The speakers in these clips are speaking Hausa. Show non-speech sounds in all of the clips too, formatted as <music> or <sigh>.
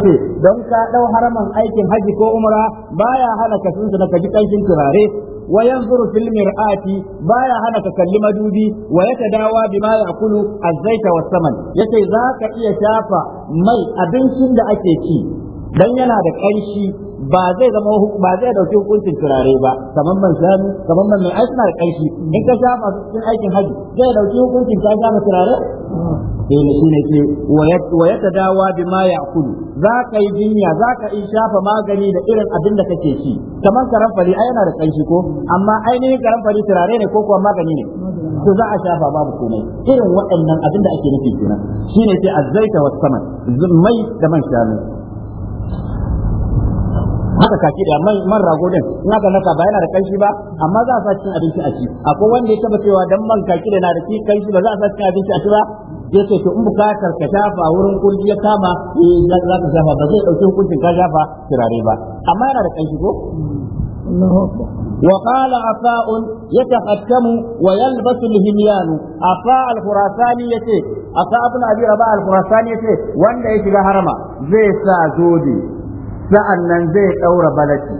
ce don ka dau haraman aikin haji ko umra baya hana ka sun na kaji kankin turare wa yanzuru fil mir'ati baya hana ka kalli madubi wa yatadawa bima yaqulu az-zaita was-saman yace za ka iya shafa mai abincin da ake ci dan yana da ƙarshi ba zai zama ba zai dauki hukuncin turare ba kamar man sami, kamar man mai aiki na da ƙarshi in ka shafa cikin aikin haji zai dauki hukuncin ka shafa turare Eh, sai ne shine ce wa yatadawa bima Kudu. za ka yi jinya za ka yi shafa magani da irin abin da kake ci kamar karamfari ai yana da kanshi ko amma ainihin karamfari turare ne ko kuwa magani ne to za a shafa babu komai irin waɗannan abin da ake nufi kenan ne ce azzaita wa saman mai da man shanu haka kaki da man man rago din ina aka naka ba yana da kanshi ba amma za a sa cikin abinci a ci akwai wanda ya taba cewa dan man kaki da na da kanshi ba za a sa cikin abinci a ci ba ya ce to in bukatar ka shafa wurin kurji ya kama eh za ka shafa ba zai dauki hukuncin ka shafa turare ba amma yana da kanshi ko وقال عفاء يتختم ويلبس الهميان عفاء الخراساني يتي عفاء ابن ابي رباح الخراساني يتي وان يشي هرما زي سازودي سأنن زي دور بلكي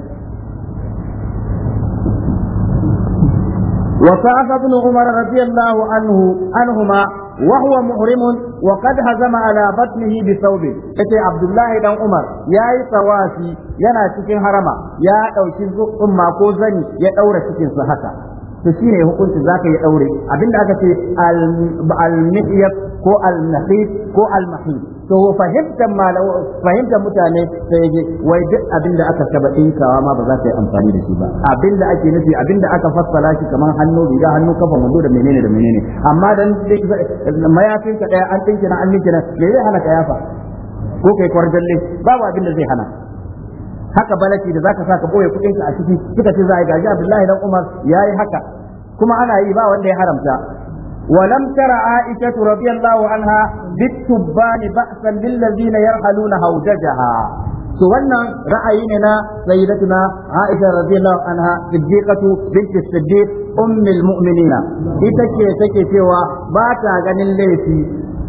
وسعد بن عمر رضي الله عنه عنهما وهو محرم وقد هزم على بطنه بثوب yace Abdullahi ɗan Umar yayi tsawafi yana cikin harama ya dauki zumma ko zani ya daura cikin sa haka to shine hukunci zaka yi daure abinda aka ce al-mihyab ko al-nahib ko al to fahimtar fahimtar mutane sai je wai duk abin da aka saba dinkawa ma ba za ta yi amfani da shi ba abin da ake nufi abin da aka fassara shi kamar hannu riga hannu kafa mundo da menene da menene amma dan mayafin ka daya an dinki na an dinki me zai hana ka yafa ko kai kwarjalle babu abin da zai hana haka balaki da zaka sa boye kudin ka a ciki suka ce za a gaji Abdullahi dan Umar yayi haka kuma ana yi ba wanda ya haramta ولم تر عائشة رضي الله عنها بالتبان بأسا للذين يرحلون هوججها to wannan ra'ayi ne na sayyidatuna Aisha radiyallahu anha siddiqatu bint siddiq ummul mu'minina ita ce take cewa ba ta ganin laifi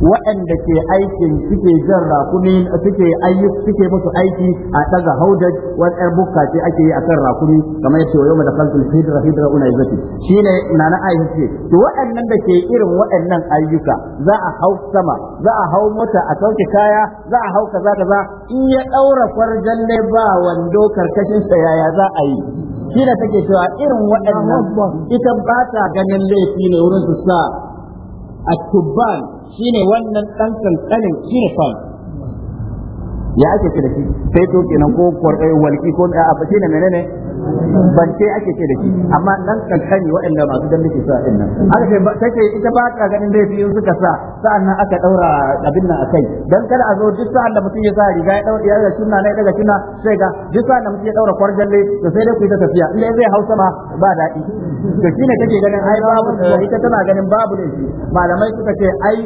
waɗanda ke aikin suke jan rakumi suke ayyuka suke musu aiki a daga haudaj wani ɗan bukka ce ake yi a akan rakumi kamar yace wa da dakaltul hidra hidra una yazati shine nana aisha ce to waɗannan da ke irin waɗannan ayyuka za a hau sama za a hau mota a sauke kaya za a hau kaza kaza in ya daura farjan ne ba wando karkashin sa yaya za a yi shi da take cewa irin waɗannan ita ba ta ganin laifi ne wurin su sa a tubban shine wannan dan kankanin shine fa ya ake ce da shi sai to kenan ko kwarɗai walki ko a ba ne menene ce ake ce da shi amma dan kankani waɗanda masu dan nake sa din nan aka ce ta ce ita ba ka ganin laifi in suka sa sa'an nan aka daura abin nan akai dan kada a zo duk sa'an da mutum ya sa riga ya daura ya sunna ne daga sunna sai ga duk sa'an da mutum ya daura kwarjalle to sai dai ku ta tafiya in zai hausa ma ba daɗi to shine kake ganin ai babu ita tana ganin babu ne malamai suka ce ai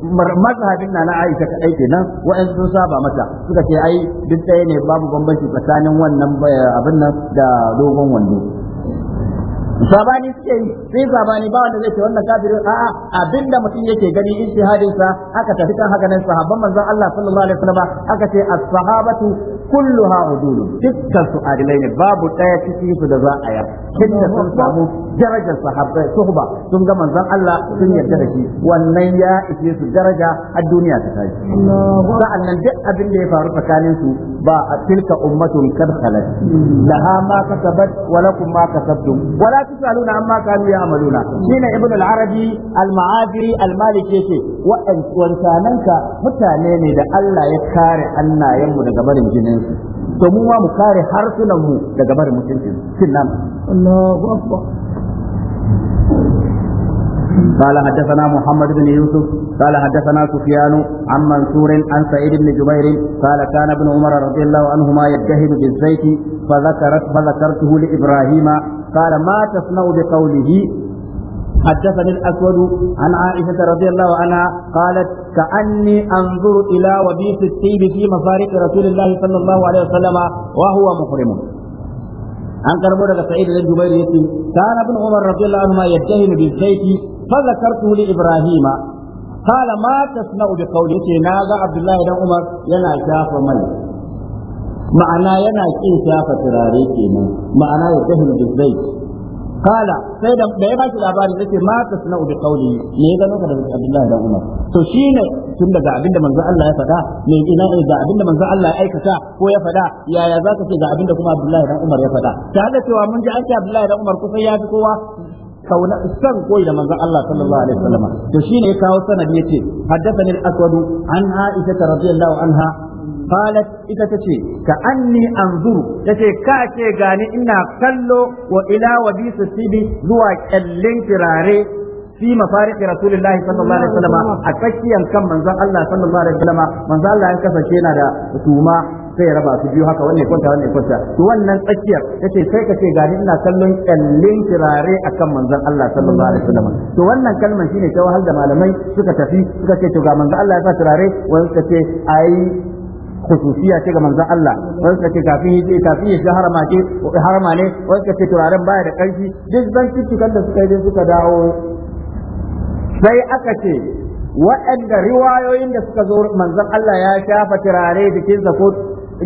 mazhabin na na Aisha kadai kenan wa'an sun saba mata suka ce ai duk ɗaya ne babu bambanci tsakanin wannan eh, abin nan da dogon wando sabani suke yi sai sabani ba wanda zai ce wannan kafiri a'a abinda mutum yake gani ijtihadin sa aka tafi kan haka nan sahabban manzon Allah sallallahu alaihi wasallam aka ce as-sahabatu kulluha udulu dukkan su adilai babu ɗaya cikin su da za a yar kinda sun samu darajar sahabbai suhba sun ga manzon Allah sun yarda da shi wannan ya ishe daraja a duniya ta tashi sa'annan duk abin da ya faru tsakanin su ba a tilka ummatun kad khalat laha ma kasabat wa lakum ma kasabtum wa la tusaluna amma kanu ya'maluna shine ibn al-arabi al-ma'adiri al-maliki mutane ne da Allah ya kare annayenmu daga barin jinin mutunci to mu ma mu kare harsunan mu daga barin mutuncin cin nan Allahu akbar قال حدثنا محمد بن يوسف قال حدثنا سفيان عن منصور عن سعيد بن جبير قال كان ابن عمر رضي الله عنهما يجتهد بالزيت فذكرت فذكرته لابراهيم قال ما تصنع بقوله حدثني الأسود عن عائشة رضي الله عنها قالت كأني أنظر إلى وبيس الطيب في مفارق رسول الله صلى الله عليه وسلم وهو محرم an karbo daga sa'id da jubair yace kana umar radiyallahu anhu ma yattahimu bil sayfi fa zakartuhu li ibrahima qala ma tasna'u bi qawli yace naga abdullahi dan umar yana shafa ma'ana yana kin shafa turare kenan ma'ana ya bil sayfi kala sai da da ya baki labarin yace ma tasna bi qawli me ya gano ka da Abdullahi da Umar to shine tun daga abinda manzo Allah ya faɗa me ina da abinda manzo Allah ya aikata ko ya faɗa yaya zaka ce ga abinda kuma Abdullahi da Umar ya faɗa ta da cewa mun ji an Abdullahi Umar kusan ya fi kowa kauna san koyi da manzon Allah sallallahu alaihi wasallam to shine ya kawo sanadi yace haddathani al-aswad an aisha radiyallahu anha qalat ita tace ka anni anzuru tace ka ce gani ina kallo wa ila wabisu sibi zuwa kallin kirare fi mafariki rasulullah sallallahu alaihi wasallam a tsakiyan kan manzon Allah sallallahu alaihi wasallam kasance yana da tuma sai ya raba su biyu haka wanne kwanta wanne kwanta to wannan tsakiyar tace sai kace gani ina kallon kallin kirare akan manzon Allah sallallahu alaihi wasallam to wannan kalman shine ta wahal da malamai suka tafi suka ce to ga manzon Allah ya sa kirare wani suka ai khususiya ce ga manzon Allah wani suka kafin ya shiga harama harama ne wani suka ce turaren baya da ƙarfi duk zan suka yi suka dawo sai aka ce waɗanda riwayoyin da suka zo manzon Allah ya shafa turare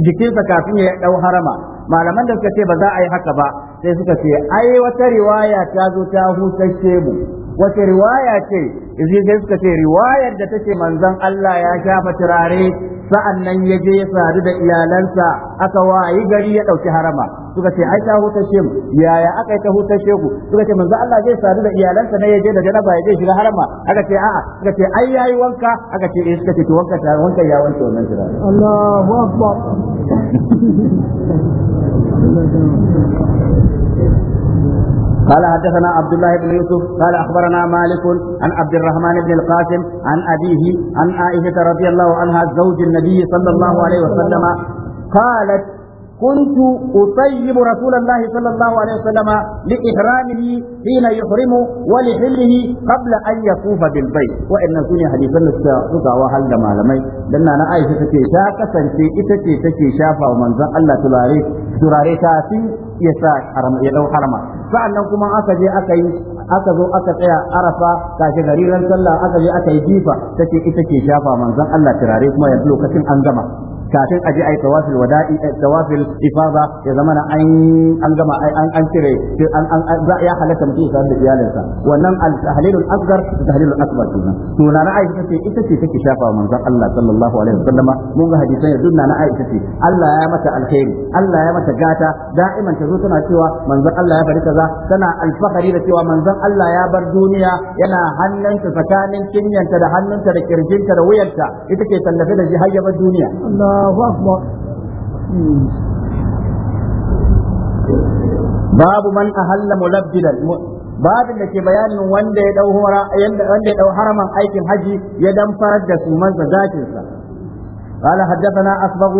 jikinsa kafin ya dau harama malaman da suka ce ba za a yi haka ba sai suka ce ai wata riwaya ta zo ta husashe mu wace riwaya ce sai suka ce riwayar da take manzon Allah ya shafa turare sa'annan ya je ya sadu da iyalansa aka wayi gari ya dauki harama suka ce ai ta huta shemu yaya aka yi ta huta shegu suka ce manzon Allah zai sadu da iyalansa ne ya je da janaba ya je shiga harama aka ce a'a suka ce ai yayi wanka aka ce eh suka ce to wanka ta wanka ya wanke wannan turare Allahu akbar <laughs> قال حدثنا عبد الله بن يوسف قال اخبرنا مالك عن عبد الرحمن بن القاسم عن ابيه عن عائشه رضي الله عنها زوج النبي صلى الله عليه وسلم قالت كنت أطيب رسول الله صلى الله عليه وسلم لإحرامه حين يحرم ولحله قبل أن يطوف بالبيت وإن سنة حديثا نستطيع وهل لما لمي لأن أنا عايشة تكي شاكا سنتي إتكي تكي شافا ومن ذا الله تلاري تلاري تاتي يسا حرم يدو حرما فأنا كما أكجي أكي aka zo aka tsaya arafa kashe gari ran sallah aka je aka yi jifa take ita ke shafa manzon Allah turare kuma yanzu lokacin an gama kafin aje ai tawafil wada'i eh, tawafil ifada ya zamana an an gama an an cire an an ya halatta mutum sa da iyalinsa wannan al-tahlilul asghar da tahlilul akbar kenan to na Aisha ce ita ce take shafa manzon Allah sallallahu alaihi wasallama mun ga hadisan ya dunna na Aisha ce Allah ya mata alkhairi Allah ya mata gata da'iman ta zo tana cewa manzon Allah ya bari kaza tana alfahari da cewa manzon Allah ya bar duniya yana hannunta tsakanin cinyanta da hannunta da kirjinta da wuyanta ita ke tallafe da jihar har duniya Allah الله أكبر باب من أهل ملبدا babin da ke bayanin wanda ya dau wanda ya dau haraman aikin haji ya dan farar da su mansa zakinsa قال حدثنا أصبغ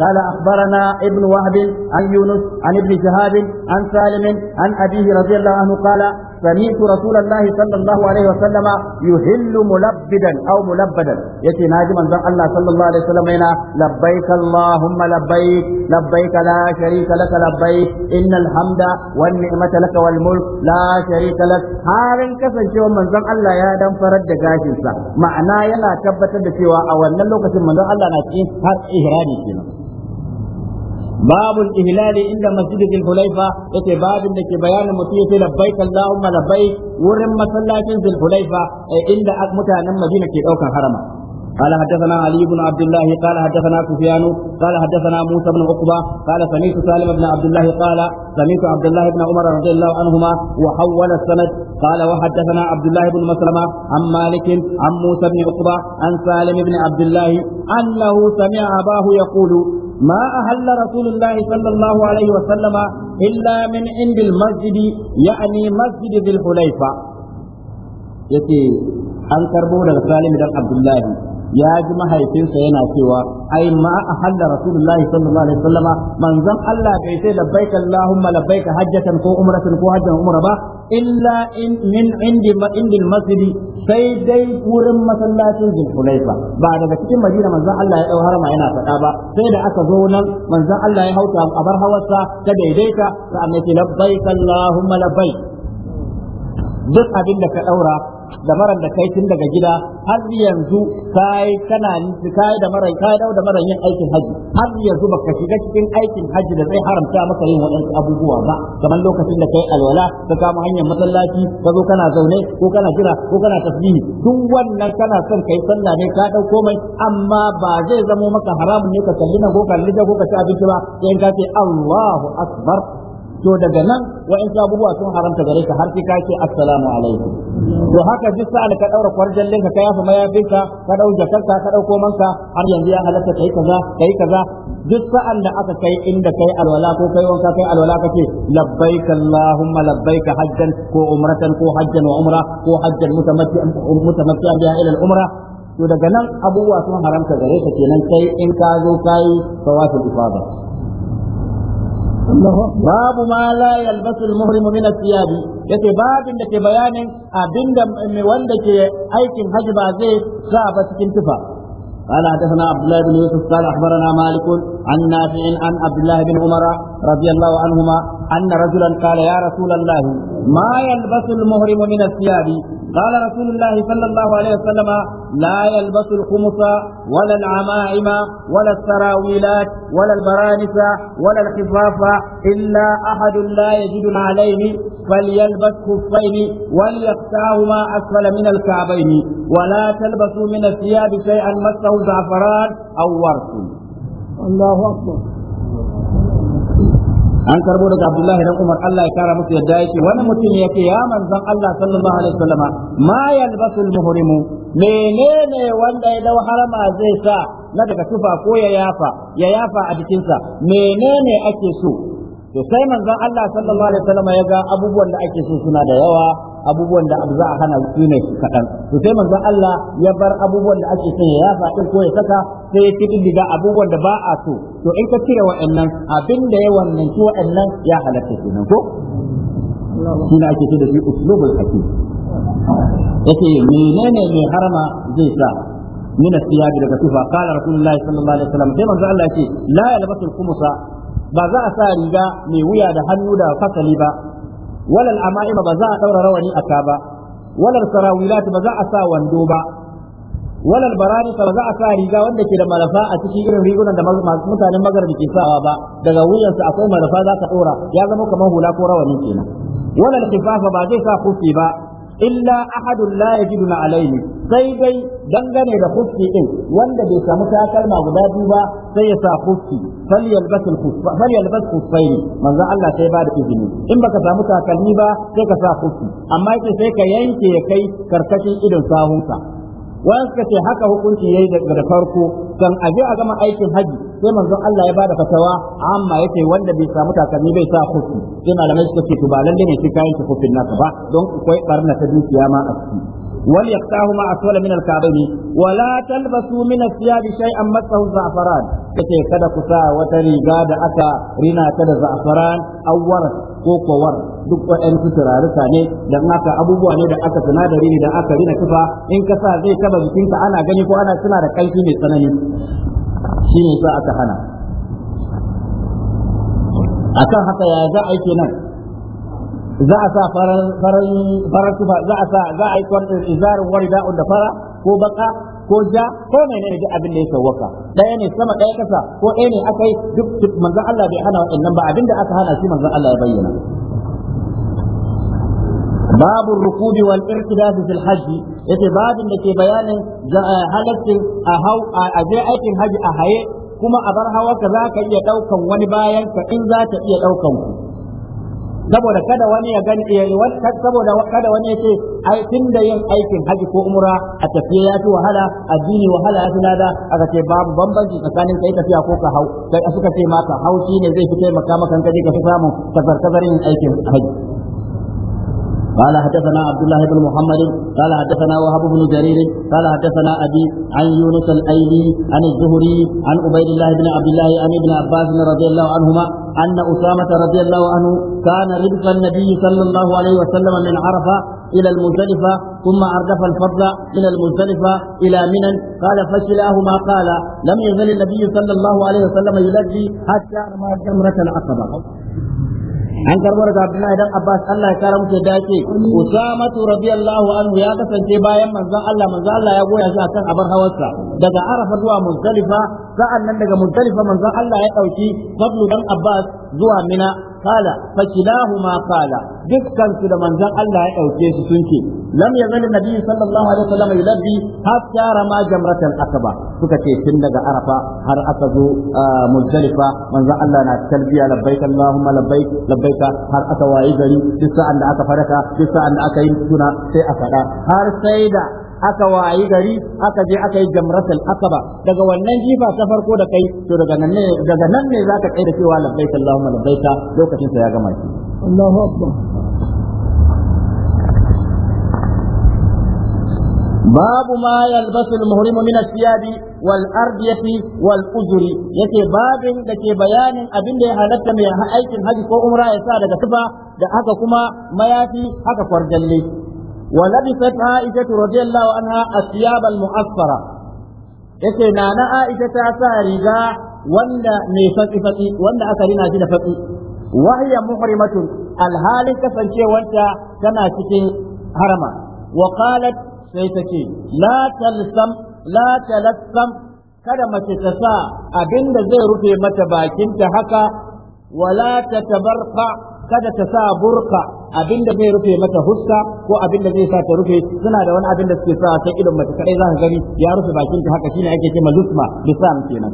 قال أخبرنا ابن وهب عن يونس عن ابن شهاب عن سالم عن أبيه رضي الله عنه قال سمعت رسول الله صلى الله عليه وسلم يهل ملبدا أو ملبدا يتي ناجم من الله صلى الله عليه وسلم هنا لبيك اللهم لبيك لبيك لا شريك لك لبيك إن الحمد والنعمة لك والملك لا شريك لك هارن كسن شو من ذن الله يا دم فرد جاشن معناه يلا تبتد سوى أو أن لوكة من ذن الله نتين هر إهراني كنا Babu ihlali inda masjidil hulaifa yace babin da ke bayanin mutum yace labbaik da labbaik wurin masallacin zul hulaifa eh, inda mutanen madina ke ɗaukan harama قال حدثنا علي بن عبد الله قال حدثنا سفيان قال حدثنا موسى بن عقبة قال سمعت سالم بن عبد الله قال سمعت عبد الله بن عمر رضي الله عنهما وحول السند قال وحدثنا عبد الله بن مسلمة عن مالك عن موسى بن عقبة عن سالم بن عبد الله أنه سمع أباه يقول ما أهل رسول الله صلى الله عليه وسلم إلا من عند المسجد يعني مسجد ذي الحليفة يتي أنكر بولا سالم بن عبد الله ya ji mahaifinsa yana cewa ai ma a halla rasulullahi sallallahu alaihi wasallama manzon Allah bai sai labbaika allahumma labbaika hajjatan ko umratan ko hajjan umra ba illa in min indi ma sai dai wurin masallacin zulhulaifa ba daga cikin madina manzon Allah ya dau harama yana faɗa ba sai da aka zo nan manzon Allah ya hauta a bar hawarsa ta daidaita sai annabi labbaika allahumma labbaik duk abin da ka daura da maran da kai tun daga gida har yanzu kai kana kai da maran kai da maran yin aikin haji har yanzu baka shiga cikin aikin haji da zai haramta maka yin waɗansu abubuwa ba kamar lokacin da kai alwala ka kama hanyar masallaci ka zo kana zaune ko kana jira ko kana tasbihi duk wannan kana son kai sallah ne ka dauko mai, amma ba zai zamo maka haramun ne ka kalli nan ko kalli ko ka ci abinci ba sai ka ce Allahu akbar to daga nan wa'in abubuwa sun haramta gare ka har sai ka ce assalamu alaikum to haka duk sa'an ka daura kwarjallin ka yafa mayafinka, ka ka dau jakarta ka dauko manka har yanzu ya halatta kai kaza kai kaza duk sa'an da aka kai inda kai alwala ko kai wanka kai alwala kace labbaik allahumma labbaik hajjan ko umratan ko hajjan wa umra ko hajjan mutamatti'an mutamatti'an biha ila al-umra to daga nan abubuwa sun haramta gare ka kenan kai in ka zo kai tawaful ifada babu ma la yalbasu al-muhrimu min al-thiyabi yace babin da ke bayanin abinda wanda ke aikin haji ba zai sa ba cikin tufa قال حدثنا عبد الله بن يوسف قال اخبرنا مالك عن نافع عن عبد الله بن عمر رضي الله عنهما أن رجلا قال يا رسول الله ما يلبس المهرم من الثياب قال رسول الله صلى الله عليه وسلم لا يلبس الخمص ولا العمائم ولا السراويلات ولا البرانس ولا الخفاف إلا أحد لا يجد عليه فليلبس خفين وليقطعهما أسفل من الكعبين ولا تلبسوا من الثياب شيئا مسه زعفران أو ورق الله أكبر an karbo daga abdullahi dan umar Allah ya kara musu yadda yake wani mutum yake ya manzon Allah sallallahu alaihi wasallama ma yalbasul muhrimu menene wanda ya dau harama zai sa na daga tufa ko ya yafa ya yafa a jikinsa menene ake so to sai manzon Allah sallallahu alaihi wasallama ya ga abubuwan da ake so suna da yawa abubuwan da za a hana su ne kaɗan to sai manzo Allah ya bar abubuwan da ake so ya yafa ko ya saka sai ya ci diga abubuwan da ba a so to in ka cire wa'annan abin da ya wannan ki wa'annan ya halatta nan ko shi ne ake ce da shi uslubul hakim yake menene mai harama zai sa من الثياب daga tufa قال رسول الله صلى الله عليه وسلم sai manzo Allah ce la yalbasul khumsa ba za a sa riga mai wuya da hannu da fasali ba walal ama'ima ba za a ɗaura rawani a ka ba walal sarawilat ba za a sa wando ba walal baranika ba za a sa riga wanda ke da malafa a cikin irin rigunan da mutanen magharibi ke sawa ba daga wuyansa akwai malafa za ka dora ya zama kamar hula ko rawani kenan walal kifafa ba zai sa kufi ba illa ahadun la yajiduna alaihi sai dai dangane da kuski din wanda bai samu takalma guda biyu ba sai ya sa kuski falyalbas falyalbas kufaini manzon Allah sai ba da izini in baka samu takalmi ba sai ka sa kuski amma yake sai ka yanke ya kai karkashin idon sahunka wani suka ce haka hukunci yayi daga farko kan aje a gama aikin haji sai manzon Allah ya bada fatawa amma yake wanda bai samu takalmi bai sa kuski sai malamai suka ce to ba lalle ne sai kayan kufin naka ba don akwai barna ta dukiya ma a ciki وليقطعه أسول من الكعبين ولا تلبسوا من الثياب شيئا مسه الزعفران كتي كذا كسا وتري قاد أكا رنا كذا زعفران أو ورد كوك ورد duk waɗansu da ne don haka abubuwa ne da aka sinadari ne da aka rina tufa in kasa zai taba ka ana gani ko ana suna da ƙarfi mai tsanani shine sa aka hana akan haka ya za a yi za a sa farar tufa za a sa za a yi izarin eh, warida'un da fara ko baka ko ja ko menene ji abin da ya sawwaka Ɗaya ne sama ɗaya kasa ko ɗaya ne aka yi duk manzon Allah bai hana wa'annan ba abin da aka hana shi manzon Allah ya bayyana wal الركوب والارتداد في الحج yace babin da ke bayanin eh, halaccin a hau a je aikin haji a haye kuma a bar hawa ka za ka iya daukan wani bayan ka in za ta iya daukan ku saboda kada wani ya gani ya saboda kada wani ya ce ai da yin aikin haji ko umura, a tafiya ya fi wahala addini wahala ya fi lada aka ce babu bambanci tsakanin kai tafiya ko ka hau sai suka ce maka hau shine zai fi taimaka maka in ka je ka fi samun kazar aikin haji قال حدثنا عبد الله بن محمد قال حدثنا وهب بن جرير قال حدثنا ابي عن يونس الايلي عن الزهري عن عبيد الله بن عبد الله عن ابن عباس رضي الله عنهما ان اسامه رضي الله عنه كان ربط النبي صلى الله عليه وسلم من عرفه الى المزدلفه ثم اردف الفضل من المزدلفه الى منى قال فكلاهما قال لم يزل النبي صلى الله عليه وسلم يلجي حتى رمى جمره العقبه an karbar da Abdullahi idan Abbas Allah ya kara muke dace Usama rabiyallahu anhu ya kasance bayan manzon Allah manzon Allah ya goya shi akan abar hawarsa daga Arafa zuwa Muzdalifa sa'annan daga Muzdalifa manzon Allah ya dauki Fadlu dan Abbas zuwa Mina Fala fa kilahuma qala dukkan da manzon Allah ya ɗauke su sun ce lam yazal nabi sallallahu alaihi wasallam yulabbi hatta rama jamratal akaba suka ce tun daga arafa har aka zo ah, muzdalifa manzon Allah na talbiya labbaik allahumma labbaik labbaik har aka wayi gari duk sa'an da aka faraka duk sa'an da aka yi suna sai a fada har sai da aka wayi gari aka je aka yi jamratul akaba daga wannan jifa ta farko da kai to daga nan ne daga nan kai da cewa labbaika allahumma labbaika lokacin sa ya gama shi Allahu akbar باب ما يلبس المحرم من الثياب والأردية والأزر babin da ke bayanin abin da ya halatta mai aikin haji ko umra ya sa daga tufa da haka kuma mayafi haka kwarjalle ولبست عائشة رضي الله عنها الثياب المعصرة yace na na Aisha ta sa riga wanda mai fatsi fatsi wanda aka rina shi da fatsi wa hiya muhrimatun alhalin kasancewanta tana cikin harama wa qalat sai take la talsam kada mace ta sa abinda zai rufe mata bakinta haka wala tatabarqa kada ta sa burka abinda zai rufe mata huska ko abinda zai sa ta rufe suna da wani abinda suke sa sai idan mace kadai za ka gani ya rufe bakin ta haka shine ake cewa lusma lisam kenan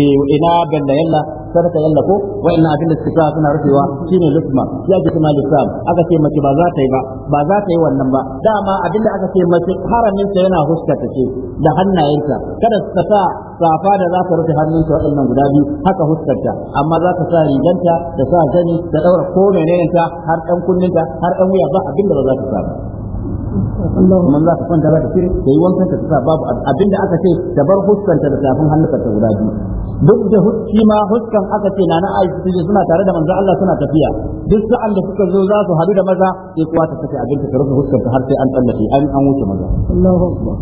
eh ina banda yalla sadaka yalla ko inna abin da suna rufewa shine lusma ya ji kuma lusam aka ce mace ba za ta yi ba ba za ta yi wannan ba dama abin da aka ce mace haramin sa yana huskata ce da hannayenta kada ta sa safa da za ta rufe hannunta waɗannan guda biyu haka huskarta amma za ta sa riganta da sa gani da daura ko menene ta har dan kunninta har dan wuya ba abin da ba za ta sa ba kuma za ka kwanta za ka cire ka yi wankan ta sa babu abinda aka ce ta bar huskanta da tafin hannunka ta guda biyu duk da huski ma huskan aka ce na na aisha tije suna tare da manzo Allah suna tafiya duk sa'an da suka zo za su haɗu da maza sai kuwa ta sake abinta ta rufe huskanta har sai an tsallake an an wuce maza Allahu akbar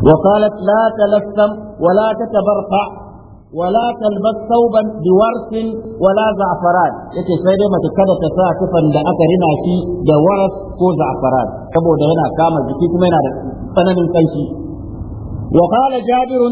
وقالت لا تلثم ولا تتبرقع wala talbas sauban biwarsin wala za'faran yace sai dai mace kada ta sa tufan da aka rina shi da waras ko za'faran saboda yana kama jiki kuma yana da tsananin kanshi wa qala jabir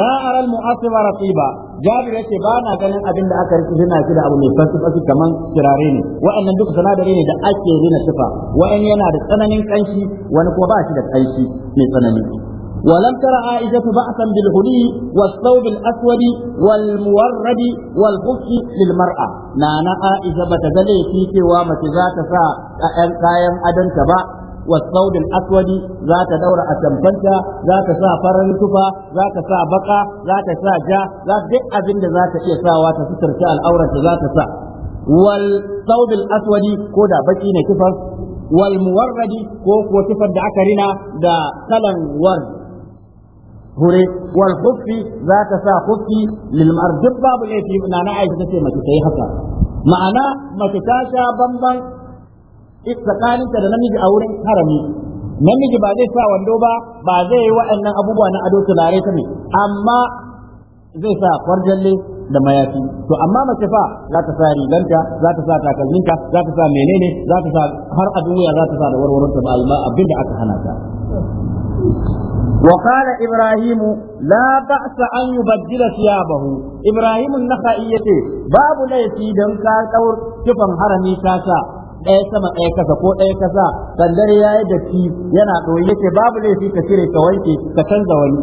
la ara al mu'asir raqiba jabir yace ba na ganin abin da aka rina shi da abu mai fasu fasu kaman kirare ne wa'annan duk sanadare ne da ake rina tufa wa'an yana da tsananin kanshi wani kuma ba shi da kanshi mai tsanani ولم تر عائشة بأسا بالهدي والثوب الأسود والمورد والخف للمرأة نانا عائشة بتزلي في كوامة ذات ساعة قائم أدن تبع والثوب الأسود ذات دورة أتمتنتا ذات ساعة فرن كفا ذات ساعة بقى ذات ساعة جاء ذات دئ أبن ذات إيساء وتستر الأورة ذات ساعة والثوب الأسود كودا بكين كفر والمورد كوكو كفر دعكرنا دا كلن ورد hure wal khuffi za ta sa khuffi lil duk babu laifi na na aisha tace mace tayi haka ma'ana mace ta sha bamban tsakaninta da namiji a wurin harami namiji ba zai sa wando ba ba zai yi waɗannan abubuwa na ado tulare ta ne amma zai sa kwarjalle da mayafi to amma mace fa za ta sa riganta za ta sa takalminta za ta sa menene za ta sa har a duniya za ta sa da warwaronta ba abinda aka hana ta وقال إبراهيم لا بأس أن يبدل ثيابه إبراهيم النخائية باب ليسي دم كاتور كفن هرمي كاسا ɗaya sama ɗaya kasa ko ɗaya kasa sandar ya yi datti yana ɗoyi yake babu laifi ka cire ka wanke ka canza wani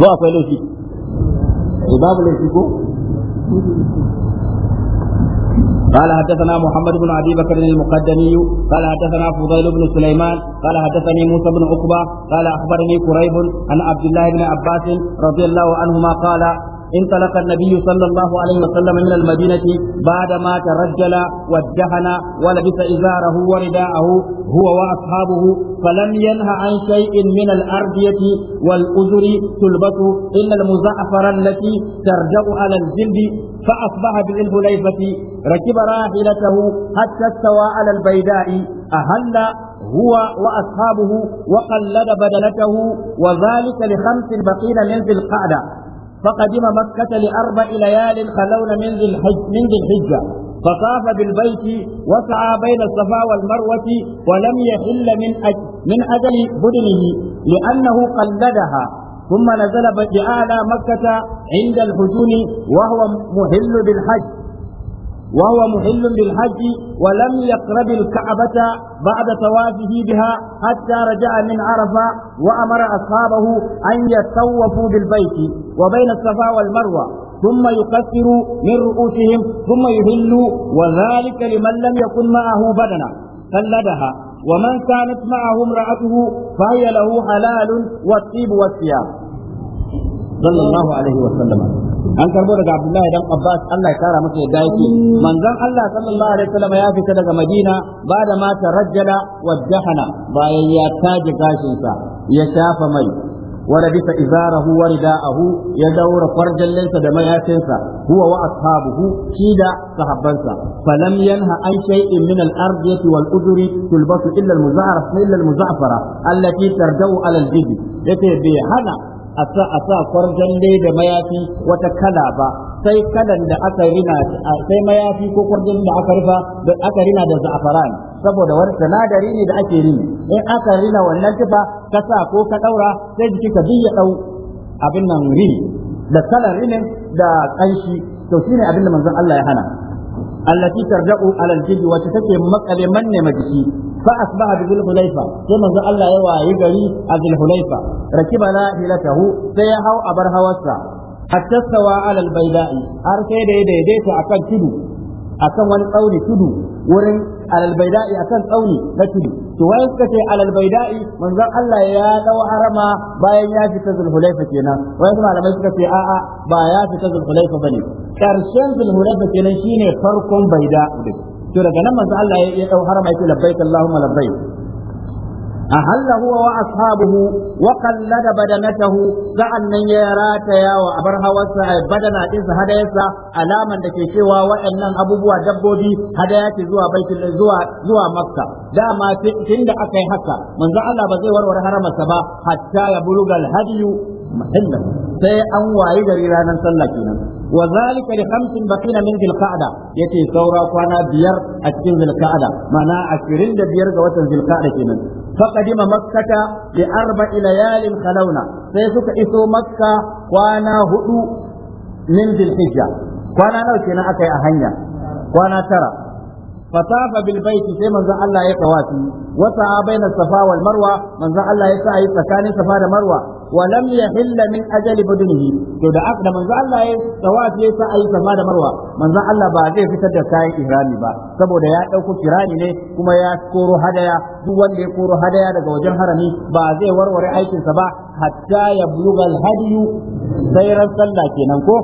ba akwai laifi قال حدثنا محمد بن ابي بكر المقدمي قال حدثنا فضيل بن سليمان قال حدثني موسى بن عقبه قال اخبرني كريب عن عبد الله بن عباس رضي الله عنهما قال انطلق النبي صلى الله عليه وسلم من المدينة بعدما ترجل وادهن ولبس إزاره ورداءه هو وأصحابه فلم ينه عن شيء من الأردية والأزر تلبس إلا المزعفر التي ترجع على الجلد فأصبح بالحليفة ركب راحلته حتى استوى على البيداء أهل هو وأصحابه وقلد بدنته وذلك لخمس بقين من ذي القعدة فقدم مكة لأربع ليال خلون من ذي الحجة فطاف بالبيت وسعى بين الصفا والمروة ولم يحل من أجل من أجل بدنه لأنه قلدها ثم نزل بأعلى مكة عند الحجون وهو محل بالحج وهو محل بالحج ولم يقرب الكعبة بعد توافه بها حتى رجع من عرفة وأمر أصحابه أن يتوفوا بالبيت وبين الصفا والمروة ثم يقصروا من رؤوسهم ثم يهلوا وذلك لمن لم يكن معه بدنا فلدها ومن كانت معه امرأته فهي له حلال والطيب والثياب صلى الله عليه وسلم an karbo daga Abdullahi dan Abbas Allah ya kara masa yadda yake manzon Allah sallallahu alaihi wasallam ya fita daga Madina ba da mata rajjala wa jahana bayan ya taje gashin sa ya shafa mai ولبس إزاره ورداءه يدور فرجا لنسى دمية تنسى هو وأصحابه شيدا صحبنسى فلم ينهى عن شيء من الأرضية والأذر تلبس إلا المزعرف إلا المزعفرة التي ترجو على الجد يتي بهنا أسا أسا فرجا لي دمياتي وتكلابا sai kalan da aka rina sai mayafi ko kwarjin da aka rufa da aka rina da za'afaran saboda wani sinadari ne da ake rini in aka rina wannan tufa kasa ko ka daura sai jiki ka biya dau abin nan rini da kalar rinin da kanshi to shine abin da manzon Allah ya hana allati tarja'u ala al-jibi wa take maqale man ne majiki fa asbaha bi al-hulayfa sai manzon Allah ya wayi gari a Raki hulayfa rakiba la hilatahu sai ya hau a abar hawarsa hatta sawa ala al-bayda'i har sai da ya daidaita akan tudu akan wani tsauni tudu wurin alalbaida'i akan tsauni na tudu to wai suka ce alalbaida'i manzon Allah ya dau harama bayan ya fita zulhulaifa kenan wai kuma malamai suka ce a'a ba ya fita zulhulaifa bane karshen zulhulaifa kenan shine farkon baida to daga nan manzon Allah ya dau harama yake labbaik Allahumma labbaik A hal nahuwa wa asuhabuhu waƙalla da bada na tahu za'annan ya yi rataya a bar hawasa albada na disa hadayasa alaman da ke cewa waɗannan abubuwa dabbobi hadayaci zuwa bankin mai zuwa maka dama finda aka haka ban allah ba zai warware haramarsa ba hatta ya bulugal haɗiyu. محله sai an wayi gari ranar sallah kenan wa zalika li khamsin baqina min dhil qa'da yace saura kwana biyar a cikin dhil qa'da mana 25 ga watan dhil qa'da kenan faqadima makkata li arba'i layalin khalawna sai suka iso makka kwana hudu min dhil hijja kwana nawa kenan akai a hanya kwana tara Fatafa فطاف بالبيت sai manzon Allah ya tawafi wata baina safa wal marwa manzon Allah ya sa yi tsakanin safa da marwa wa lam yahill ajali badunihi to da aka da manzo Allah ya tawafi ya sa ayi sama da marwa manzo Allah ba zai fitar da kayan ihrami ba saboda ya dauko kirani ne kuma ya koro hadaya duk wanda ya koro hadaya daga wajen harami ba zai warware aikinsa ba hatta ya bulugal hadiyu sai sallah kenan ko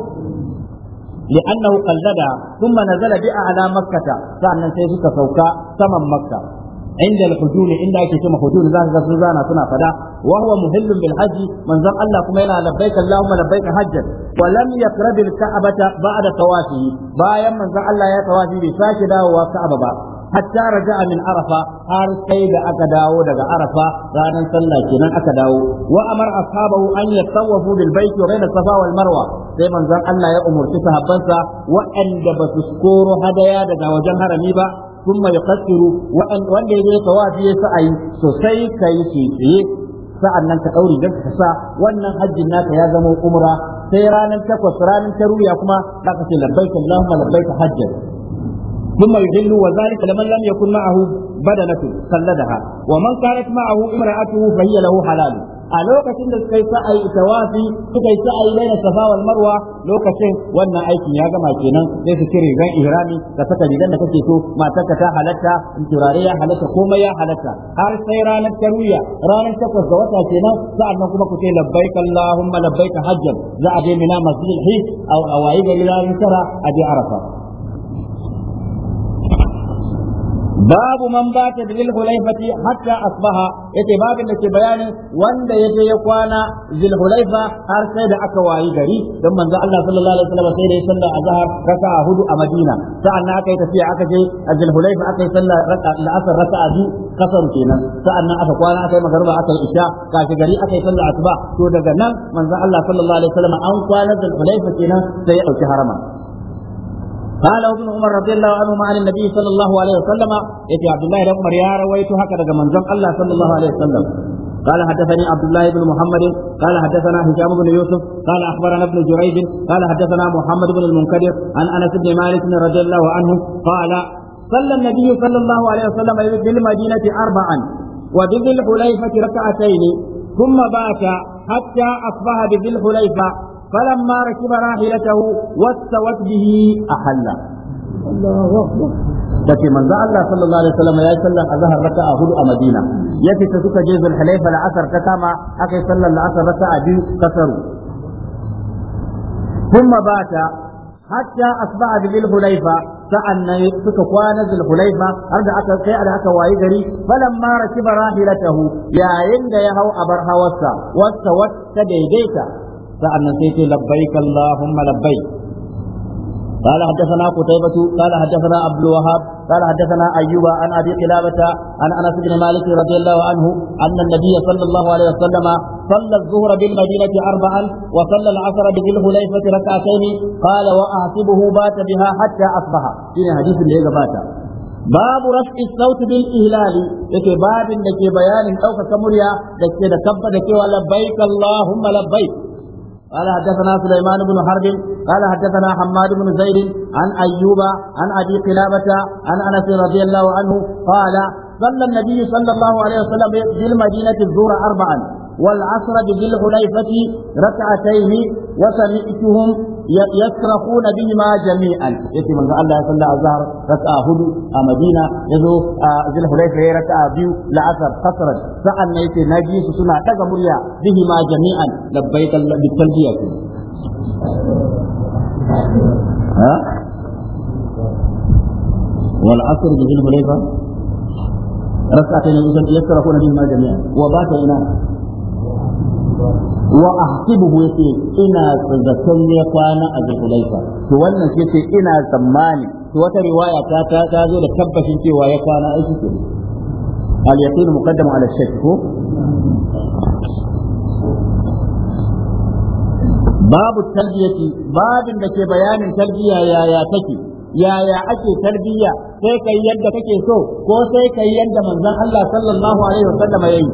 لأنه قلد ثم نزل بها على مكة فأنا سيفك sauka saman مكة inda al-hudun inda ake cewa hudun za ka ga sun zana suna fada wa huwa muhillun bil Allah kuma yana labbaik Allahumma labbaik hajjan wa lam yaqrab al-ka'bata ba'da tawafihi bayan manzon Allah ya tawafi bai sake dawowa Ka'aba ba hatta raja'a min arafa har sai da aka dawo daga arafa ranar sallah kenan aka dawo wa amara ashabahu an yatawafu bil bait wa bayna safa wal marwa sai manzon Allah ya umarci sahabbansa waɗanda ba su koro hadaya daga wajen harami ba thumma yuqassiru wanda ya je tawafi ya sa'ayi to sai kai ke tsaye sa'an nan ka ɗauri don ka sa wannan hajjin naka ya zama umra sai ranar takwas ranar taruya kuma za ka ce labbaika Allahumma labbaika hajjan ثم يحل وذلك لمن لم يكن معه بدنة خلدها ومن كانت معه امرأته فهي له حلال a lokacin da suka yi sa'ayi tawafi suka yi sa'ayi baina safa wal marwa lokacin wannan aikin ya gama kenan sai su kire gan ihrami ka saka rigar da kake so matarka ta halatta turare ya halatta komai ya halatta har sai ranar tarwiya ranar takwas ga wata kenan nan kuma ku ce labbaik allahumma labbaik hajjan za a je mina masjidil hijj aw awayi gari ranar tara a je arafa babu man bata da zulhulaifati hatta asbaha yace babin da ke bayani wanda yaje ya kwana zulhulaifa har sai da aka wayi gari dan manzo Allah sallallahu alaihi wasallam sai da ya salla azhar raka'a hudu a Madina sa'annan aka yi tafiya aka je a zulhulaifa aka yi salla raka'a la'asar raka'a biyu kasar kenan sa'annan aka kwana aka yi magariba aka yi isha kashi gari aka yi salla asuba to daga nan manzo Allah sallallahu alaihi wasallam an kwana zulhulaifa kenan sai ya dauki harama قال ابن عمر رضي الله عنهما عن النبي صلى الله عليه وسلم يتي عبد الله بن عمر يا رويت هكذا من الله صلى الله عليه وسلم قال حدثني عبد الله بن محمد قال حدثنا هشام بن يوسف قال اخبرنا ابن جريج قال حدثنا محمد بن المنكدر عن انس بن مالك رضي الله عنه قال صلى النبي صلى الله عليه وسلم بالمدينه اربعا وبذي الحليفه ركعتين ثم بات حتى اصبح بذي الحليفه فلما ركب راحلته واستوت به أحل الله أكبر take manzo Allah sallallahu alaihi wasallam ya yi sallan azhar raka'a hudu a Madina ya fita suka je Zulhalaifa la'asar ta kama aka yi sallan la'asar biyu ثم بات حتى أصبح ذي الحليفة sa'annan suka kwana zulhulaifa har da aka kai da aka wayi gari falamma rakiba rahilatahu yayin da ya hau abar hawarsa wasta wata daidaita sa'annan sai ce labbaik allahumma labbaik قال حدثنا قتيبة قال حدثنا عبد الوهاب قال حدثنا أيوب عن أبي قلابة عن أنس بن مالك رضي الله عنه أن النبي صلى الله عليه وسلم صلى الظهر بالمدينة أربعا وصلى العصر بذي الخليفة ركعتين قال وأحسبه بات بها حتى أصبح في حديث اللي بات باب رفع الصوت بالإهلال لكي باب لكي بيان أو كمريا لكي تكبر لكي لبيك اللهم لبيك قال حدثنا سليمان بن حرب قال حدثنا حماد بن زيد عن أيوب عن أبي قلابة عن أنس رضي الله عنه قال صلى النبي صلى الله عليه وسلم بالمدينة الزور أربعا والعصر بذي الحليفة ركعتين وسمعتهم يصرخون بهما جميعا يتي من الله صلى الله عليه وسلم ركعة هدو آه، مدينة يزو آه، ذي الحليفة ركعة بيو لعصر قصرا فأنا يتي نجيس سنة تغمريا بهما جميعا لبيت بالتلبية ها والعصر بذي الحليفة ركعتين يصرخون بهما جميعا وبات هنا wa ahsibuhu yace ina zaton ya kwana a zulaifa to wannan shi ce ina tsammani to wata riwaya ta ta ta zo da tabbacin cewa ya kwana a shi al yaqin muqaddam ala shakk ko babu tarbiyati babin da ke bayanin tarbiya yaya take yaya ake tarbiya sai kai yadda kake so ko sai kai yadda manzon Allah sallallahu alaihi wasallam yayi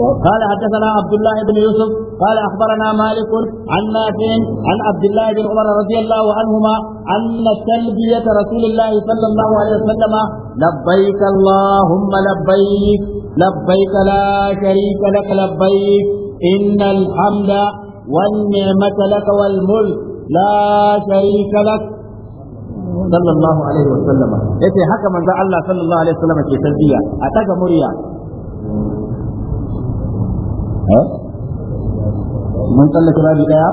قال حدثنا عبد الله بن يوسف قال اخبرنا مالك عن نافع عن عبد الله بن عمر رضي الله عنهما ان تلبيه رسول الله صلى الله عليه وسلم لبيك اللهم لبيك لبيك لا شريك لك لبيك ان الحمد والنعمه لك والملك لا شريك لك صلى الله عليه وسلم اتي حكم الله صلى الله عليه وسلم في تلبيه اتاك مريا من tsallake babi daya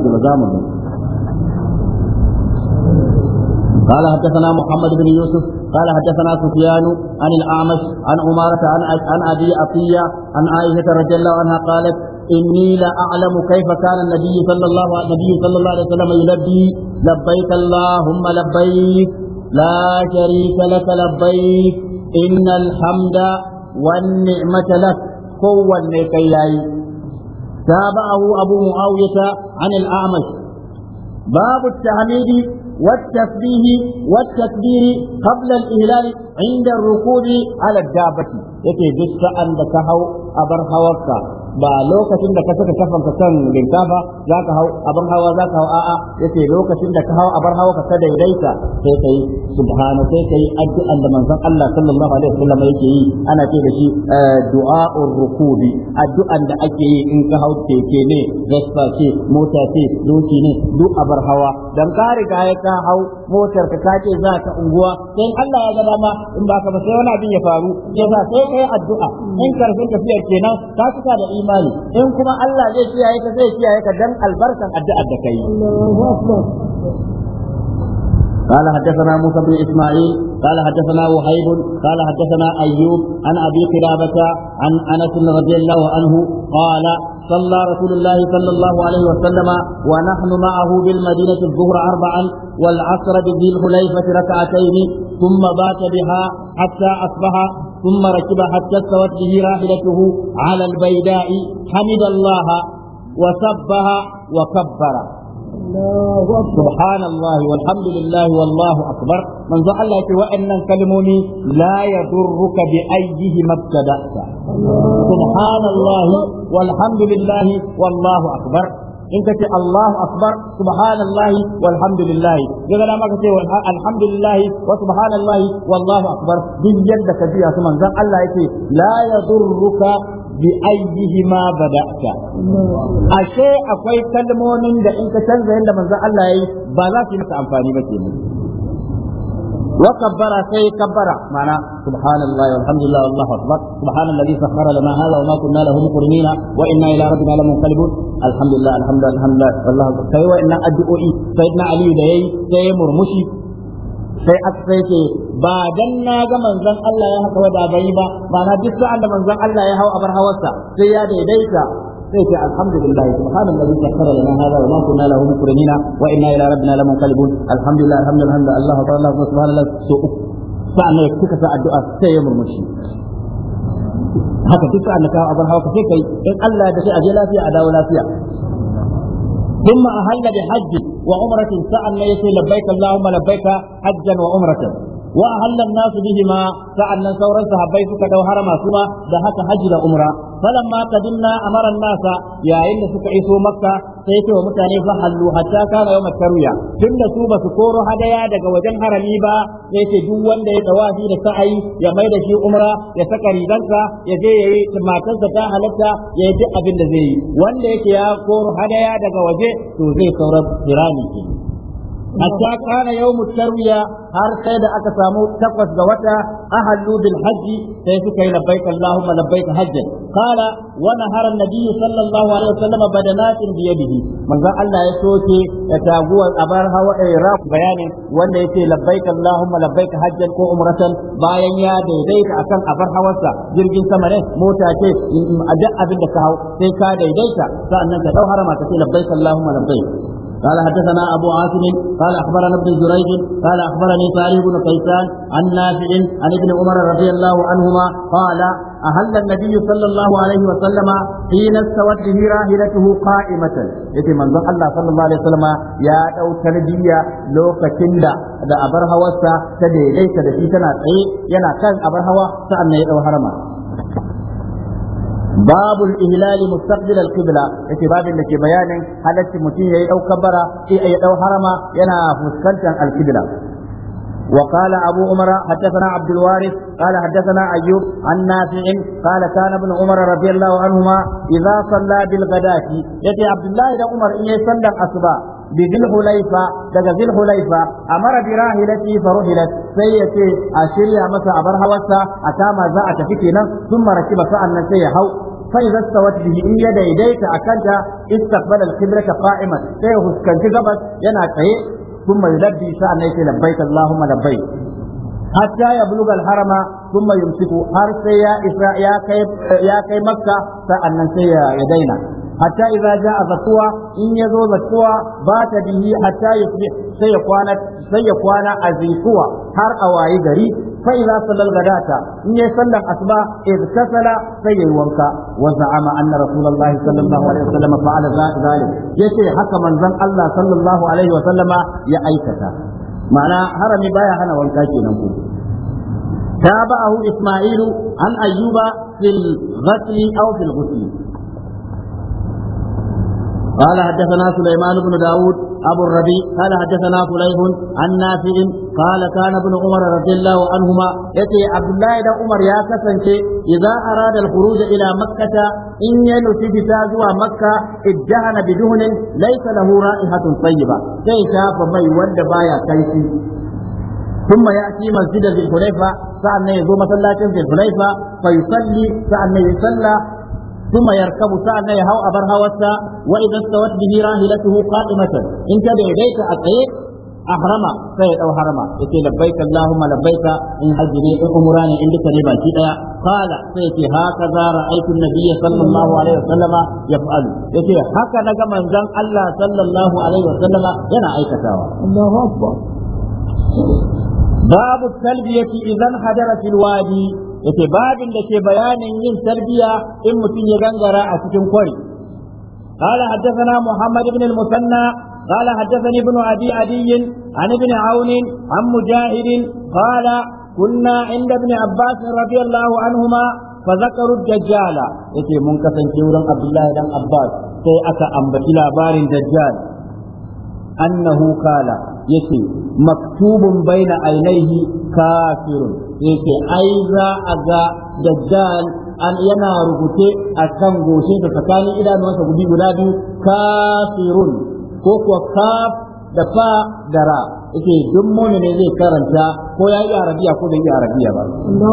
ba mu قال حدثنا محمد بن يوسف قال حدثنا سفيان عن الأعمش عن عمارة عن عن أبي عطية عن عائشة رضي الله عنها قالت إني لا أعلم كيف كان النبي صلى الله النبي صلى الله عليه وسلم يلبي لبيك اللهم لبيك لا شريك لك لبيك إن الحمد wanne matalas kowanne kai yayi ta ba'ahu abu mu'awiyata an al'amash babu tahmidi wa tasbihi wa tasbiri qabla al-ihlal inda ar-rukubi ala dabati yake duk sa'an da ka hau a abar hawarka ba lokacin da ka saka kafanka kan ba za ka hau abin hawa za ka hau a'a yace lokacin da ka hau abar hawa ka daidaita sai kai subhana sai kai addu'an da manzon Allah sallallahu alaihi wasallam yake yi ana ce da shi eh, ar rukubi addu'an da ake yi in ka hau keke ne vespa ce mota ce doki ne duk abar hawa dan ka riga ya ka hau motar ka kace za ka unguwa sai Allah ya ga in ba ka ba sai wani abin ya faru sai sai kai addu'a in karfin tafiyar kenan ka suka da imani in kuma Allah zai kiyaye ka zai kiyaye ka dan albarkan addu'ar da kai قال حدثنا موسى بن اسماعيل قال حدثنا وهيب قال حدثنا ايوب عن ابي قلابه عن انس رضي الله عنه قال صلى رسول الله صلى الله عليه وسلم ونحن معه بالمدينه الظهر اربعا والعصر بذي الحليفه ركعتين ثم بات بها حتى اصبح ثم ركب حتى استوت به راحلته على البيداء حمد الله وسبها وكبر سبحان الله والحمد لله والله أكبر من ذا الله وأن كلموني لا يضرك بأيهما ابتدأت سبحان الله والحمد لله والله أكبر in ka ce Allahu akbar subhanallahi walhamdulillahi ya ga maka ka ce alhamdulillahi wa subhanallahi wallahu akbar duk yadda ka biya su manzon Allah yake la yadurruka bi ayyihima bada'ta ashe akwai kalmomin da in ka canza yadda manzon Allah yayi ba za su yi amfani ba kenan wa bara sai kabbara mana subhanallahi walhamdulillah wallahu akbar subhanallazi sakhkhara lana hadha wa ma kunna lahu muqrinin wa inna ila rabbina lamunqalibun alhamdulillah alhamdulillah alhamdulillah wallahu akbar sai wa inna addu'o'i sayyidina ali da yayi sai murmushi sai sai ce ba dan na ga manzon Allah ya haka wada bai ba ba na duk sa'an da manzon Allah ya hau abar hawarsa sai ya daidaita sai ce alhamdulillah subhanallahi sakhara lana hadha wa ma kunna lahu mukrimina wa inna ila rabbina lamunqalibun alhamdulillah alhamdulillah Allah wa subhanallah so sa'annan kika sa addu'a sai ya murmushi haka duk sa'an kawo abin hawa sai kai in Allah ya dace a lafiya a dawo lafiya ثم أهل بحج وعمرة سأل ليس لبيك اللهم لبيك حجا وعمرة وأهل الناس بهما سأل سورا صحابي سكا وحرما سما ده حج وعمرة falamma qadimna amara an-nasa yayin da suka iso makka sai ce wa mutane fa hallu hatta kana yawmat tarwiya tunda su basu koro hadaya daga wajen harami ba sai ce duk wanda ya tawafi da sa'ayi ya mai da shi umra ya saka rigarsa ya je yayi matarsa ta halatta ya yi duk abin da zai yi wanda yake ya koro hadaya daga waje to zai saurar kirani hatta yau yawmu tarwiya har sai da aka samu takwas ga wata ahallu hajji sai suka yi labbaik allahumma labbaik hajjan qala wa nahara an-nabiy sallallahu alaihi wasallam badanatin bi yadihi manzon Allah ya soke da taguwar abar hawa iraq eh, bayanin wanda yace labbaik allahumma labbaik hajjan ko umratan bayan ya daidaita akan abar hawarsa jirgin sama ne mota ce duk ka hau sai ka daidaita sa'annan ka dau harama ka ce labbaik allahumma قال حدثنا أبو عاصم قال أخبرنا ابن جريج قال أخبرني صالح بن قيسان عن نافع عن ابن عمر رضي الله عنهما قال أهل النبي صلى الله عليه وسلم حين استوت به راحلته قائمة يتي من الله صلى الله عليه وسلم يا أو تربية لو كتندا da abar hawarsa ta daidaita da shi tana tsaye yana kan abar hawa sa'an ya dau harama babu ihlali mustaqbil al-qibla yake babin da ke bayanin halatti mutum yayi dau kabbara ya dau harama yana fuskantar al-qibla وقال أبو عمر حدثنا عبد الوارث قال حدثنا أيوب عن نافع قال كان ابن عمر رضي الله عنهما إذا صلى بالغداة يأتي عبد الله بن عمر إن يصلى الأصبع bizil hulaifa daga zil hulaifa a mara bi rahilati fa ruhilat sai ya ce a shirya masa a bar hawarsa a kama za a tafi kenan sun mara kiba sa'an nan sai ya hau fai zastawat bihi in ya daidaita a akanta istaqbala alqiblata qa'iman sai fuskanci gabas yana tsaye sun mai labbi sa'an nan sai labbaika allahumma labbaik hatta ya buluga alharama thumma yumsiku har sai ya isra ya kai ya kai makka sa'an nan sai ya daina hatta idza jaa zakuwa in yazo zakuwa ba ta bihi hatta ya kwana sai har a wayi gari fa idza sallal gadata in ya sallan asba sai ya wanka wa za'ama anna rasulullahi sallallahu alaihi wasallam fa'ala zalik yace haka manzon Allah sallallahu alaihi wasallama ya aikata ma'ana harami baya hana wanka kenan ku تابعه إسماعيل عن أيوب في الغسل أو في الغسل قال حدثنا سليمان بن داود أبو الربيع قال حدثنا فليح عن نافع قال كان ابن عمر رضي الله عنهما يتي عبد الله بن عمر يا كسنتي إذا أراد الخروج إلى مكة إن ينسي تازوى مكة ادهن بدهن ليس له رائحة طيبة زي شاف مي ود بايا كيسي ثم يأتي مسجد ذي الحليفة سأل يزور مسلاة ذي الحليفة فيصلي سأل يصلى ثم يركب سعد يهو أبر هوسا وإذا استوت به راهلته قائمة إن تبع بيت أقيت أحرم سيد أو حرم يتي لبيك اللهم لبيك إن حجني أمراني عندك لبا كده قال سيتي هكذا رأيت النبي صلى الله عليه وسلم يفعل يتي هكذا كما زن الله صلى الله عليه وسلم ينا أي كتاوى الله أكبر باب التلبية إذا انحدرت الوادي yace babin da ke bayanin yin tarbiya in mutum ya gangara a cikin kwari قال حدثنا محمد بن المثنى قال حدثني ابن ابي عدي عن ابن عون عن مجاهد قال كنا عند ابن عباس رضي الله عنهما فذكروا الدجال يتي من كسن كيورن عبد الله بن عباس سي اكا امبتي لبارين دجال انه قال يتي مكتوب بين عينيه كافر yake ai za a ga dajjal an yana rubuce a kan goshe ta tsakanin idanuwansa gudi guda biyu kafirun ko kuwa kaf da fa da ra yake duk ne zai karanta ko ya yi arabiya ko bai yi arabiya ba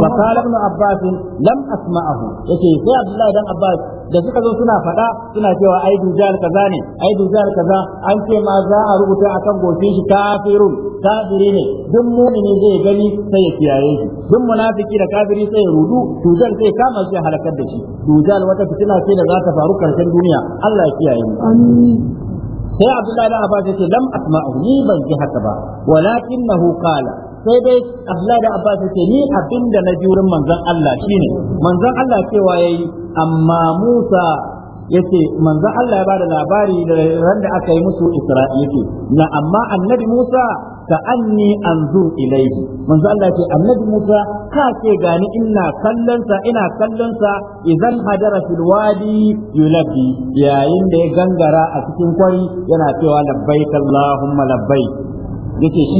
fa qala ibn abbas lam asma'ahu yake sai abdullahi dan abbas da suka zo suna faɗa suna cewa ai dujal kaza ne ai dujal kaza an ce ma za a rubuta akan kan shi kafirun kafiri ne duk mu'mini zai gani sai ya kiyaye shi duk munafiki da kafiri sai ya rudu dujal sai kama shi halakar da shi dujal wata fitina ce da za ta faru karshen duniya Allah ya kiyaye mu sai Abdullahi da Abbas ce lam asma'u ni ban ji haka ba walakinahu qala sai dai Abdullahi da Abbas yake ni abinda na ji wurin manzon Allah shine manzon Allah cewa yayi amma Musa yace manzon Allah ya bada labari da ran da aka yi musu Isra'i yace na amma annabi Musa ka anni anzu ilaihi manzon Allah ce annabi Musa ka ce gani ina kallon sa ina kallon sa idan hadara fil wadi yulabbi yayin da ya gangara a cikin kwari yana cewa labbaik Allahumma labbaik yace shi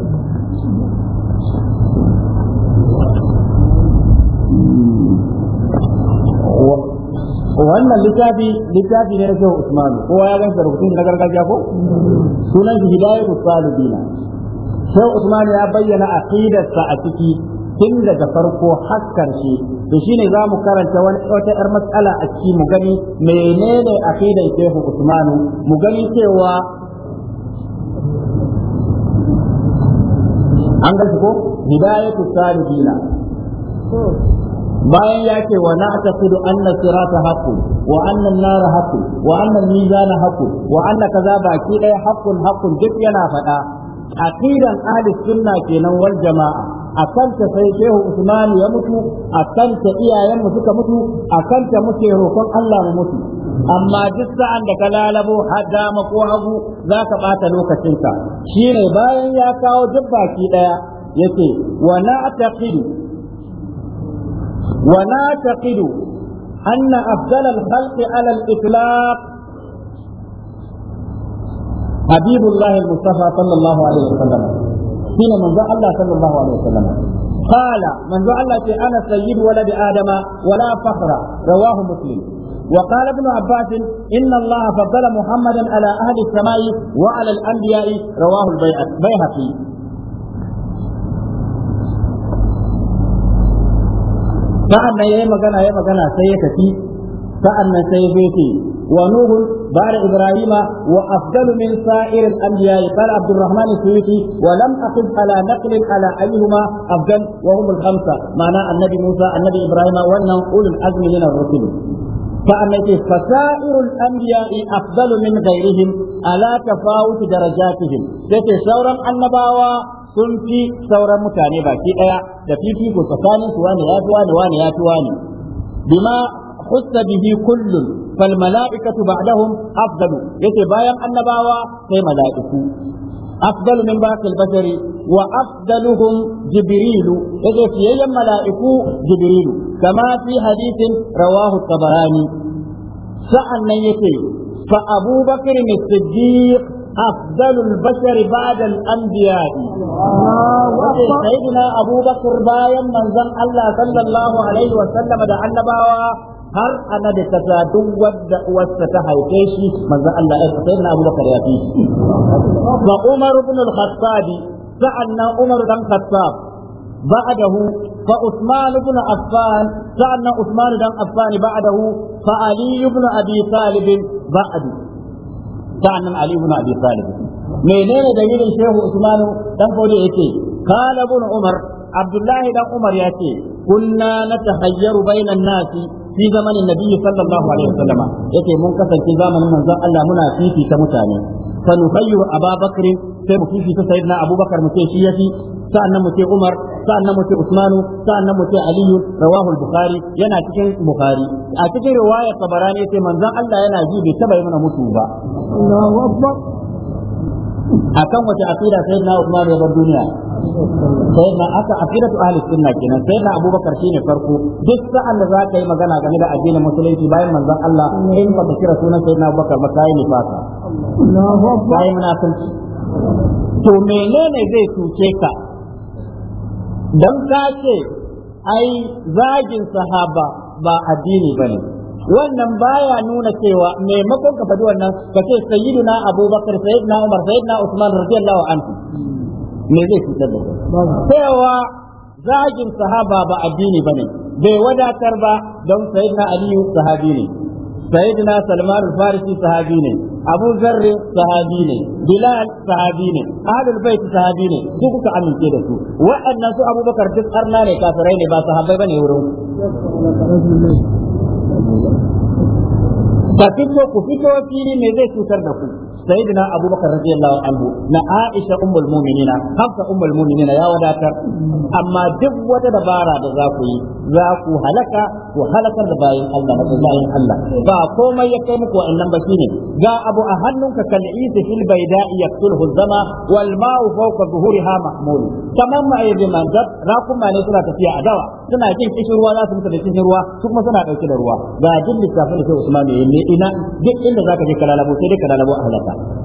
kowa wannan littafi littafi ne na shehu Usman kowa ya gansa rubutun na gargajiya ko sunan shi hidayatu salibina Sai Usman ya bayyana sa a ciki tun daga farko har karshe to shine za mu karanta wani wata yar matsala a ciki mu gani menene aqidar shehu Usman mu gani cewa an gashi ko hidayatu salihina bayan ya ce wa na'taqidu anna sirata haku wa an na nara haku wa anna al-mizana haku wa kaza baki ɗaya, hakun hakun duk yana faɗa aqidan ahli sunna kenan wal jama'a a ta sai shehu usman ya mutu a ta iyayen mu suka mutu a ta muke roƙon Allah mu mutu amma duk sa'an da ka lalabo hada ko hagu za zaka bata lokacinka ne bayan ya kawo duk baki ɗaya yace wa na'taqidu ونعتقد أن أفضل الخلق على الإطلاق حبيب الله المصطفى صلى الله عليه وسلم حين من الله صلى الله عليه وسلم قال من الله أنا سيد ولد آدم ولا فخر رواه مسلم وقال ابن عباس إن الله فضل محمدا على أهل السماء وعلى الأنبياء رواه البيهقي sa’an nan ya yi magana ya magana sai ya tafi sa’an nan sai ya ce wa nuhu ba da ibrahima wa afdalu min sa’irin an biya ya fara abdurrahman suyuti wa lam ala naqlin ala ayyuhuma afdal wa humul hamsa ma'ana annabi musa annabi ibrahima wannan ulul azmi min ar-rusul sa’an nan ce fa sa’irul an biya afdalu min ghairihim ala tafawut darajatihim sai ce sauran annabawa sun fi sauran mutane baki ɗaya da fifiko tsakanin su wani ya fi wani wani ya fi wani bima husta bihi kullun fal mala'ikatu ba'dahum afdalu bayan annabawa sai mala'iku afdalu min ba'dil bashari wa afdaluhum jibril yace fiyayyan mala'iku jibril kama fi hadithin rawahu tabarani sa'an nan yace fa abubakar as-siddiq أفضل البشر بعد الأنبياء سيدنا أبو بكر بايا من زن الله صلى الله عليه وسلم دعا باوا har annabi ta sa duk wadda uwarsa ta haife shi manzo Allah ya sai na Abu Bakar ya fi wa Umar ibn al-Khattab sa'anna Umar dan Khattab بعده فعثمان بن عفان سألنا عثمان بن عفان بعده فعلي بن أبي طالب بعده sa'annan Ali ibn Abi Talib menene dalilin Shehu Usman dan Fodi yace qala Umar Abdullahi dan Umar yace kunna na natahayyaru bainan nasi fi zamanin Nabi sallallahu alaihi wasallama yace mun kasance zamanin manzon Allah muna fifi ta mutane sanuhayyu Abubakar sai mu kishi ta sayyidina abubakar mu ce shi yafi sa'annan mu ce umar sa'annan mu ce usmanu sa'annan mu ce aliyu rawahu bukhari yana cikin bukhari a cikin riwayar tabarani sai manzon Allah yana ji bai taba yi mana mutu ba Allahu akbar akan wace aqida sayyidina Uthman ya bar duniya sayyidina aka aqidatu ahli sunna kenan sayyidina Abubakar shine farko duk sa'an da zaka yi magana game da addinin musulunci bayan manzon Allah in ba ka kira sunan sayyidina Abubakar ba kai ne fata Allahu akbar kai munafici to menene zai cuce ka don ka ce ai zagin sahaba ba addini bane wannan baya nuna cewa maimakon ka faɗi wannan ka ce sayyiduna abubakar sayyiduna umar sayyiduna usman radiyallahu anhu me zai cutar da cewa zagin sahaba ba addini bane bai wadatar ba don sayyiduna aliyu sahabi ne sayyidina salman al-farisi sahabi ne abu zarr sahabi ne bilal sahabi ne ahlul bait sahabi ne su kuka amince da su wa'annan su abubakar duk arna ne kafirai ne ba sahabbai bane wurin ba fito ku fito fili me zai cutar da ku sayyidina abubakar radiyallahu anhu na aisha ummul mu'minina hafsa ummul mu'minina ya wadatar amma duk wata dabara da za ku yi za ku halaka ku halakar da bayan Allah da bayin Allah ba komai ya kai muku wa'annan ba ne. Za abu a hannunka kal isi fil baida yaqtulhu zama wal ma'u fawqa zuhuriha mahmul kaman ma yabi manzab rakuma ne suna tafiya a dawa suna jin kishin ruwa za su mutu da kishin ruwa su kuma suna dauke da ruwa ga jin lissafin da sai Usman ina duk inda zaka je ka sai dai a masa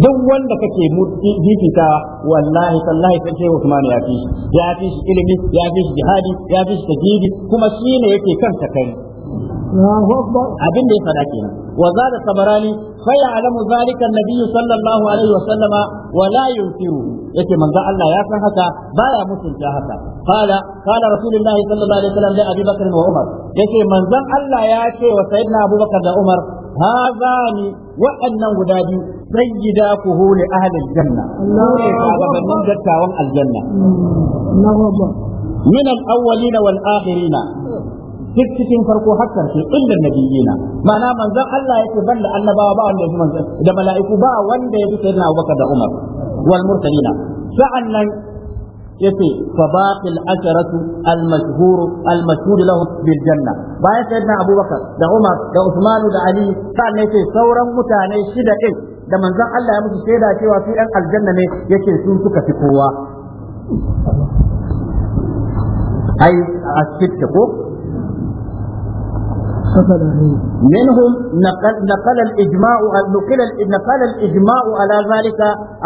duk wanda kake fifita wallahi tallahi sai ce Usman ya fi ya fi shi ilimi ya fi shi jihadi ya fi shi tajidi kuma shi ne yake kan kai abin da ya fada kenan wa zada sabarani fa ya'lamu zalika an-nabi sallallahu alaihi wa sallama wa la yunkiru yake manzo Allah ya san haka baya mutunta haka qala qala rasulullahi sallallahu alaihi wa sallam da Abi Bakr wa Umar yake manzo Allah ya ce wa sayyidina Abu Bakr da Umar hazani waɗannan guda biyu gida ku huli ahlil janna ne shugabannin dattawan aljanna min al-awwalina wal akhirina cikin farko har karshe inda nabiyina ma'ana manzon Allah yake banda annabawa ba wanda yake manzon da mala'iku ba wanda yake sayyidina Abubakar da Umar wal mursalina sa'annan yace fa baqil asharatu al mashhur lahum bil janna bayan sayyidina abubakar da umar da usman da ali ne yace sauran mutane shida din da manzon Allah ya musu shaida cewa su ɗan aljanna ne yace sun suka fi kowa ai a ko منهم نقل, نقل الإجماع نقل, نقل الإجماع على ذلك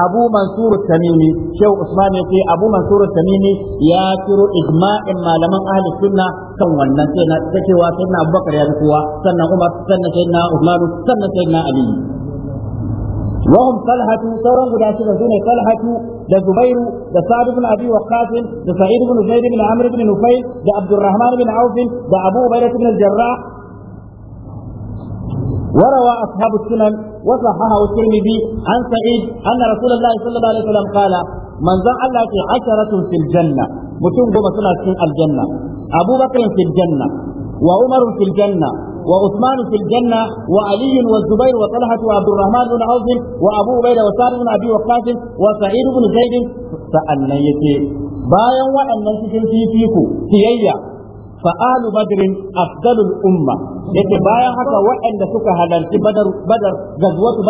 أبو منصور التميمي شيخ عثمان يقول أبو منصور التميمي ياتر إجماع ما لمن أهل السنة كون سنة تشوى سنة أبو بكر يا سنة عمر سنة سيدنا عثمان سنة سيدنا علي وهم طلحة ثورا قد أشرفون طلحة ده زبير ده سعد بن أبي وقاص ده سعيد بن زيد بن عمرو بن نفيل ده عبد الرحمن بن عوف ده أبو عبيدة بن الجراح وروى أصحاب السنن وصححه الترمذي عن سعيد أن رسول الله صلى الله عليه وسلم قال من ذا الله عشرة في الجنة متون قوم سنة في الجنة أبو بكر في الجنة وعمر في الجنة وعثمان في الجنة وعلي والزبير وطلحة وعبد الرحمن بن عوف وأبو عبيدة وسعد بن أبي وقاص وسعيد بن زيد سألنا يتي bayan waɗannan cikin fifiku siyayya fa alu badrin afdalul umma yake bayan haka waɗanda suka halarci badar badar gazwatu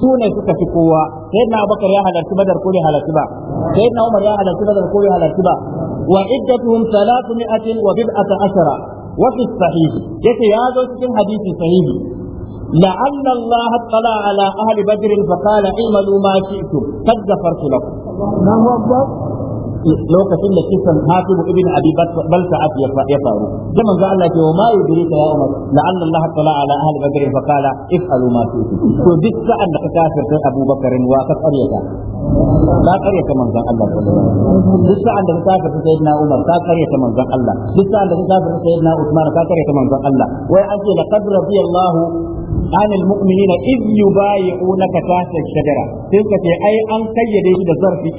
suka fi kowa sayyidina abubakar ya halarci badar ko halarci ba sayyidina umar ya halarci badar ko halarci ba wa iddatuhum 300 wa bid'ata ashara wa ya hadisi sahihi لعل الله اطلع على اهل بدر فقال اعملوا ما شئتم قد غفرت لكم. الله اكبر. lokacin da kisan Hafiz ibn Abi Balta ya faru da manzo Allah ce wa ma yudrika ya Umar la'anna Allah tala ala ahli Badr fa qala if'alu ma to duk sa'an da ka kafirta Abu Bakar wa ka ka Allah duk sa'an da ka kafirta Sayyidina Umar ka karyata manzon Allah duk sa'an da ka Sayyidina ka Allah wai an ce laqad anil mu'minina iz yubayi'unaka tahta shajara sai ka ai an kayyade shi da zarfi iz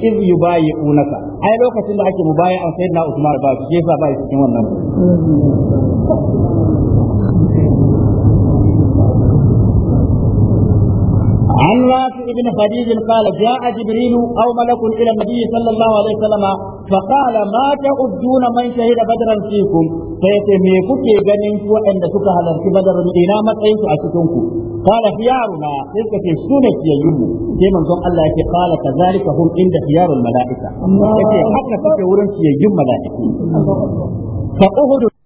naka, ai lokacin da ake mubayi'a sayyidina Usman ba su jefa ba cikin wannan بن خديج قال جاء جبريل أو ملك إلى النبي صلى الله عليه وسلم فقال ما تعدون من شهد بدرا فيكم فيتي مي كوكي غنين كو عند سكا هلرتي بدر إلى ما تنسو أسكنكم قال خيارنا تلك في سنة يجب كما نظن الله يكي قال كذلك هم عند خيار الملائكة يكي حتى في ورنك يجب ملائكة فأهدوا